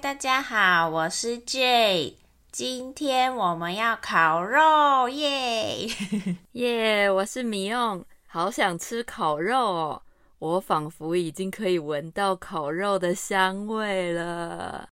大家好，我是 Jay。今天我們要烤肉耶耶！Yeah! yeah, 我是 Mion，好想吃烤肉哦，我仿佛已經可以聞到烤肉的香味了。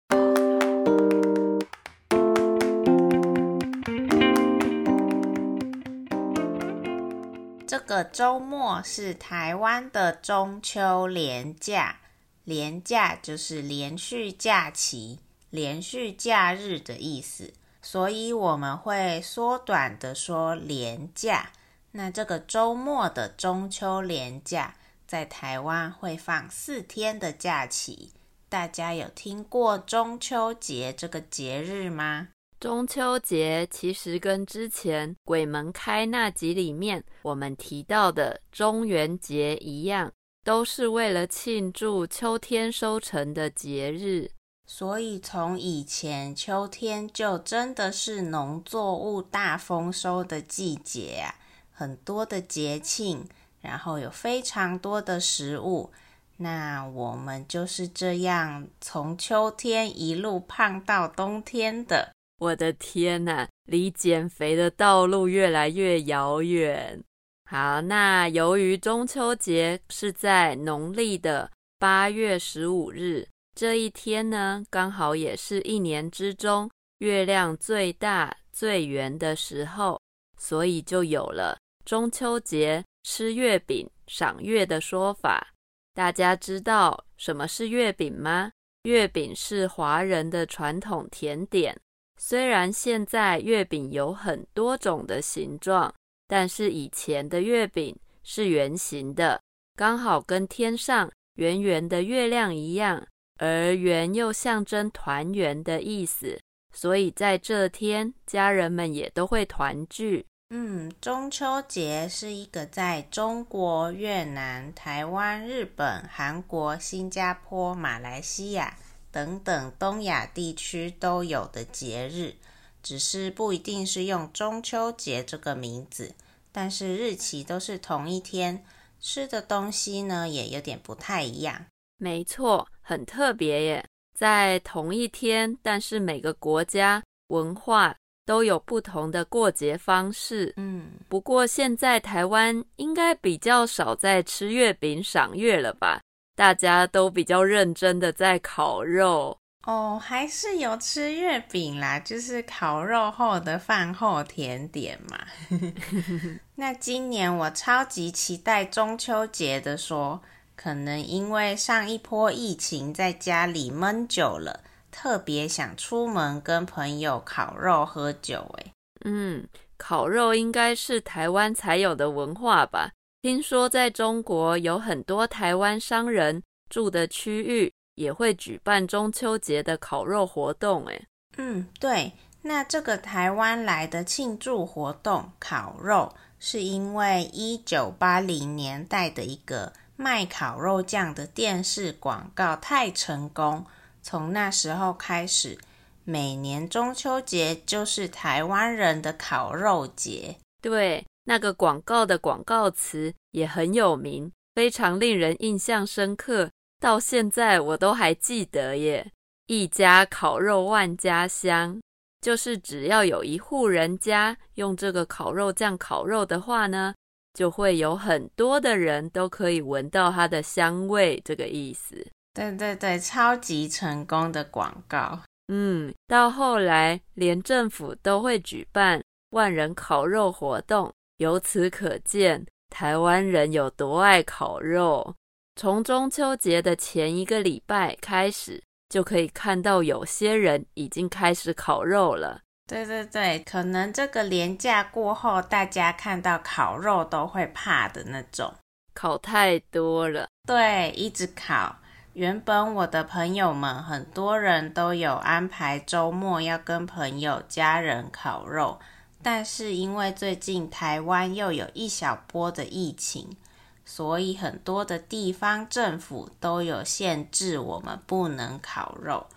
這個周末是台灣的中秋連假。連假就是連續假期、連續假日的意思，所以我們會縮短的說連假。那這個周末的中秋連假，在台灣會放四天的假期。大家有聽過中秋節這個節日嗎？中秋節其實跟之前鬼門開那集裡面我們提到的中元節一樣。都是為了慶祝秋天收成的節日，所以從以前秋天就真的是農作物大豐收的季節啊，很多的節慶，然後有非常多的食物。那我們就是這樣從秋天一路胖到冬天的，我的天吶，離減肥的道路越來越遙遠。好，那由於中秋節是在農曆的八月十五日，這一天呢，剛好也是一年之中月亮最大、最圓的時候，所以就有了中秋節吃月餅、賞月的說法。大家知道什麼是月餅嗎？月餅是華人的傳統甜點，雖然現在月餅有很多種的形狀。但是以前的月餅是圓形的，剛好跟天上圓圓的月亮一樣，而圓又象徵團圓的意思，所以在這天，家人們也都會團聚。嗯，中秋節是一個在中國、越南、台灣、日本、韓國、新加坡、馬來西亞等等東亞地區都有的節日。只是不一定是用中秋節這個名字，但是日期都是同一天，吃的東西呢也有點不太一樣。沒錯，很特別耶，在同一天，但是每個國家文化都有不同的過節方式。嗯，不過現在台灣應該比較少在吃月餅賞月了吧？大家都比較認真的在烤肉。哦，還是有吃月餅啦，就是烤肉後的飯後甜點嘛。 那今年我超級期待中秋節的說，說可能因為上一波疫情在家裡悶久了，特別想出門跟朋友烤肉喝酒，欸。哎，嗯，烤肉應該是台灣才有的文化吧？聽說在中國有很多台灣商人住的區域。也會舉辦中秋節的烤肉活動，哎，嗯，對，那這個台灣來的慶祝活動烤肉，是因為一九八零年代的一個賣烤肉醬的電視廣告太成功，從那時候開始，每年中秋節就是台灣人的烤肉節。對，那個廣告的廣告詞也很有名，非常令人印象深刻。到現在我都還記得耶，一家烤肉萬家香，就是只要有一戶人家用這個烤肉醬烤肉的話呢，就會有很多的人都可以聞到它的香味，這個意思。對對對，超級成功的廣告。嗯，到後來連政府都會舉辦萬人烤肉活動，由此可見台灣人有多愛烤肉。從中秋節的前一個禮拜開始，就可以看到有些人已經開始烤肉了。對對對，可能這個連假過後，大家看到烤肉都會怕的那種，烤太多了。對，一直烤。原本我的朋友們很多人都有安排周末要跟朋友、家人烤肉，但是因為最近台灣又有一小波的疫情。所以很多的地方政府都有限制，我們不能烤肉。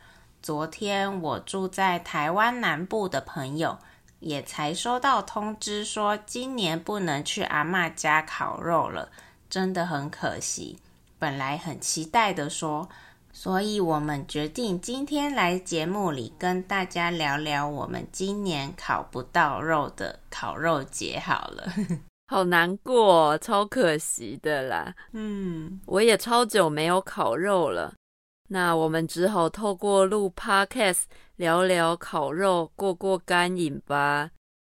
昨天我住在台灣南部的朋友也才收到通知，說今年不能去阿嬤家烤肉了，真的很可惜。本來很期待的說，所以我們決定今天來節目裡跟大家聊聊我們今年烤不到肉的烤肉節好了。好難過哦，超可惜的啦。嗯，我也超久沒有烤肉了。那我們只好透過錄 Podcast 聊聊烤肉，過過乾癮吧。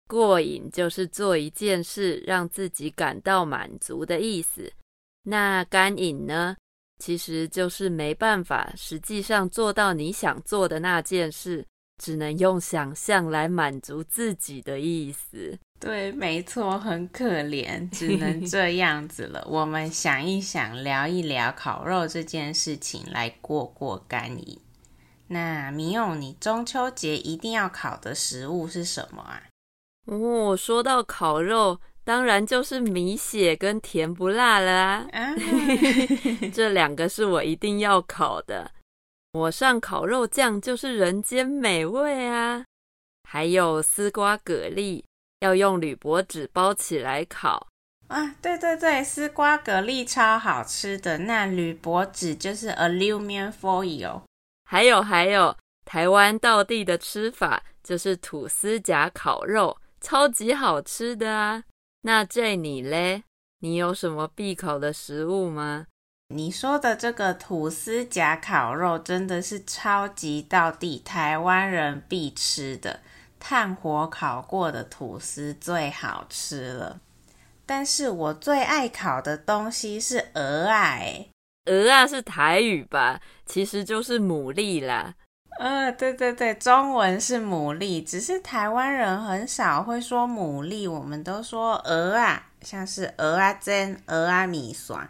過癮就是做一件事讓自己感到滿足的意思。那乾癮呢？其實就是沒辦法，實際上做到你想做的那件事，只能用想象來滿足自己的意思。對，沒錯，很可憐，只能這樣子了。 我們想一想，聊一聊烤肉這件事情，來過過乾癮。那米勇，Mio, 你中秋節一定要烤的食物是什麼啊？哦，說到烤肉，當然就是米血跟甜不辣了，啊啊、 這兩個是我一定要烤的，抹上烤肉醬就是人間美味啊！還有絲瓜蛤蜊。要用鋁箔紙包起來烤啊！對對對，絲瓜蛤蜊超好吃的。那鋁箔紙就是 aluminum foil。還有還有，台灣道地的吃法就是吐司夾烤肉，超級好吃的啊！那 Jenny 嘞，你有什麼必烤的食物嗎？你說的這個吐司夾烤肉真的是超級道地，台灣人必吃的。炭火烤過的吐司最好吃了，但是我最愛烤的東西是蚵仔！蚵仔是台語吧？其實就是牡蠣啦。呃，對對對，中文是牡蠣，只是台灣人很少會說牡蠣，我們都說蚵仔，像是蚵仔煎、蚵仔麵線。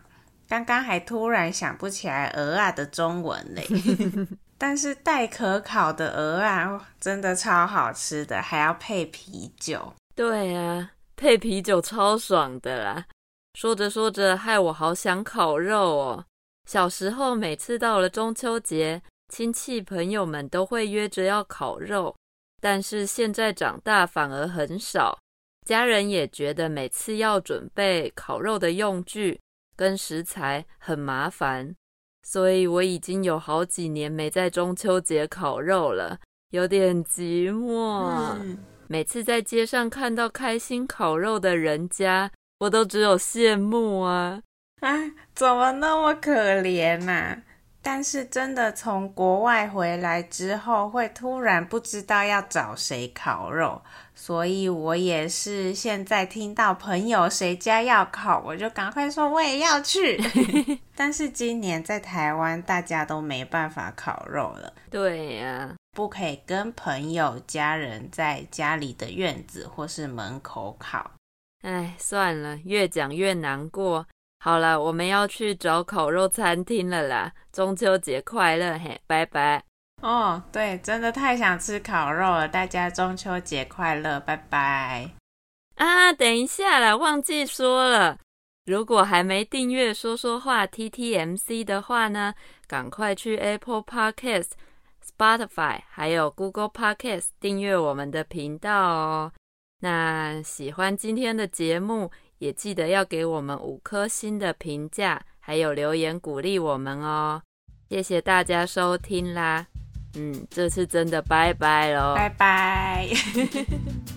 剛剛還突然想不起來蚵仔的中文嘞。 但是帶殼烤的蚵啊，真的超好吃的，還要配啤酒。對啊，配啤酒超爽的啦。說着說着，害我好想烤肉哦。小時候每次到了中秋節，親戚朋友們都會約着要烤肉，但是現在長大反而很少。家人也覺得每次要準備烤肉的用具跟食材很麻煩。所以我已經有好幾年沒在中秋節烤肉了，有點寂寞。嗯。每次在街上看到開心烤肉的人家，我都只有羨慕啊！哎，怎麼那麼可憐啊？但是真的從國外回來之後，會突然不知道要找誰烤肉。所以，我也是現在聽到朋友誰家要烤，我就趕快說我也要去。 但是今年在台灣，大家都沒辦法烤肉了。對呀，不可以跟朋友、家人在家裡的院子或是門口烤。哎，算了，越講越難過。好了，我們要去找烤肉餐廳了啦！中秋節快樂，嘿，拜拜。哦，對，真的太想吃烤肉了！大家中秋節快樂，拜拜！啊，等一下啦，忘記說了，如果還沒訂閱說說話 T T M C 的話呢，趕快去 Apple Podcast、Spotify 還有 Google Podcast 訂閱我們的頻道哦。那喜歡今天的節目，也記得要給我們五顆星的評價，還有留言鼓勵我們哦。謝謝大家收聽啦！嗯，這次真的拜拜嘍！拜拜。